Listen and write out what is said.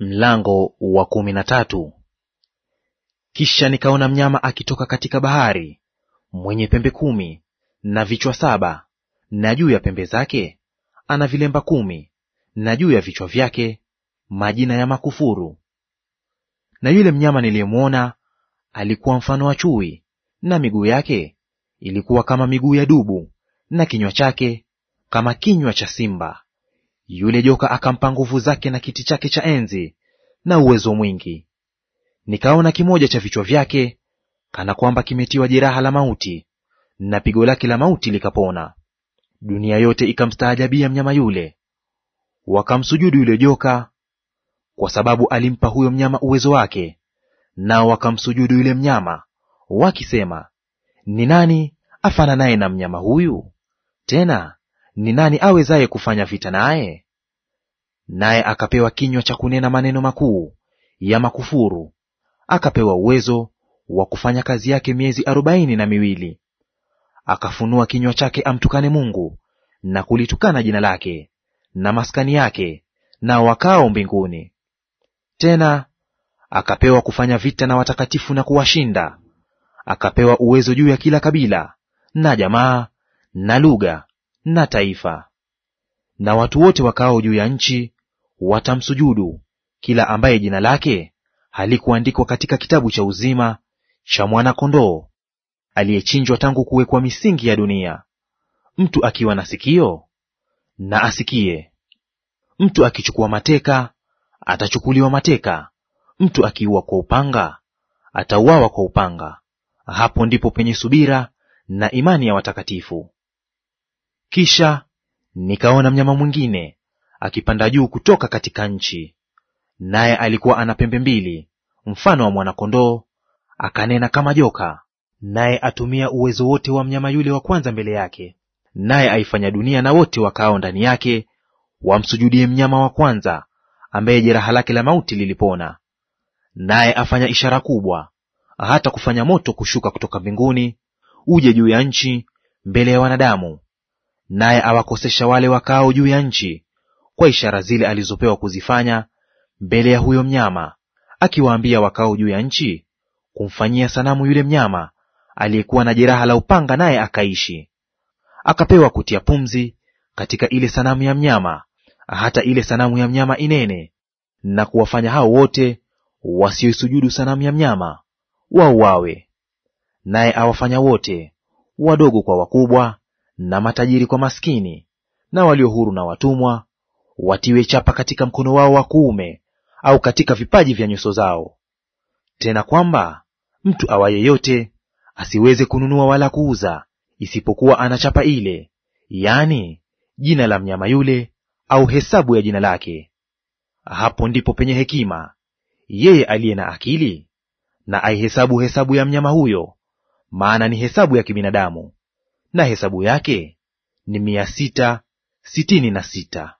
Mlango wa kumi na tatu. Kisha nikaona mnyama akitoka katika bahari mwenye pembe kumi na vichwa saba, na juu ya pembe zake ana vilemba kumi, na juu ya vichwa vyake majina ya makufuru. Na yule mnyama niliyemwona alikuwa mfano wa chui, na miguu yake ilikuwa kama miguu ya dubu, na kinywa chake kama kinywa cha simba. Yule joka akampa nguvu zake na kiti chake cha enzi na uwezo mwingi. Nikaona kimoja cha vichwa vyake kana kwamba kimetiwa jeraha la mauti, na pigo lake la mauti likapona. Dunia yote ikamstaajabia mnyama yule, wakamsujudu yule joka, kwa sababu alimpa huyo mnyama uwezo wake. Nao wakamsujudu yule mnyama wakisema, ni nani afana naye na mnyama huyu? Tena ni nani awezaye kufanya vita naye? Naye akapewa kinywa cha kunena maneno makuu ya makufuru, akapewa uwezo wa kufanya kazi yake miezi arobaini na miwili. Akafunua kinywa chake amtukane Mungu na kulitukana jina lake na maskani yake na wakao mbinguni. Tena akapewa kufanya vita na watakatifu na kuwashinda. Akapewa uwezo juu ya kila kabila na jamaa na lugha na taifa. Na watu wote wakaao juu ya nchi watamsujudu kila ambaye jina lake halikuandikwa katika kitabu cha uzima cha mwana-kondoo aliyechinjwa tangu kuwekwa misingi ya dunia. Mtu akiwa na sikio na asikie. Mtu akichukua mateka atachukuliwa mateka, mtu akiua kwa upanga atauawa kwa upanga. Hapo ndipo penye subira na imani ya watakatifu. Kisha nikaona mnyama mwingine akipanda juu kutoka katika nchi, naye alikuwa ana pembe mbili mfano wa mwana-kondoo, akanena kama joka. Naye atumia uwezo wote wa mnyama yule wa kwanza mbele yake, naye aifanya dunia na wote wakaao ndani yake wamsujudie mnyama wa kwanza, ambaye jeraha lake la mauti lilipona. Naye afanya ishara kubwa, hata kufanya moto kushuka kutoka mbinguni uje juu ya nchi mbele ya wanadamu, naye awakosesha wale wakao juu ya nchi kwa ishara zile alizopewa kuzifanya mbele ya huyo mnyama, akiwaambia wakao juu ya nchi kumfanyia sanamu yule mnyama aliyekuwa na jeraha la upanga, naye akaishi. Akapewa kutia pumzi katika ile sanamu ya mnyama, hata ile sanamu ya mnyama inene, na kuwafanya hao wote wasioisujudu sanamu ya mnyama wauawe. Naye awafanya wote wadogo kwa wakubwa na matajiri kwa maskini, na walio huru na watumwa, watiwe chapa katika mkono wao wa kuume au katika vipaji vya nyuso zao; tena kwamba mtu awa yeyote asiweze kununua wala kuuza, isipokuwa ana chapa ile, yaani jina la mnyama yule au hesabu ya jina lake. Hapo ndipo penye hekima; yeye aliye na akili na aihesabu hesabu ya mnyama huyo, maana ni hesabu ya kibinadamu na hesabu yake ni mia sita sitini na sita.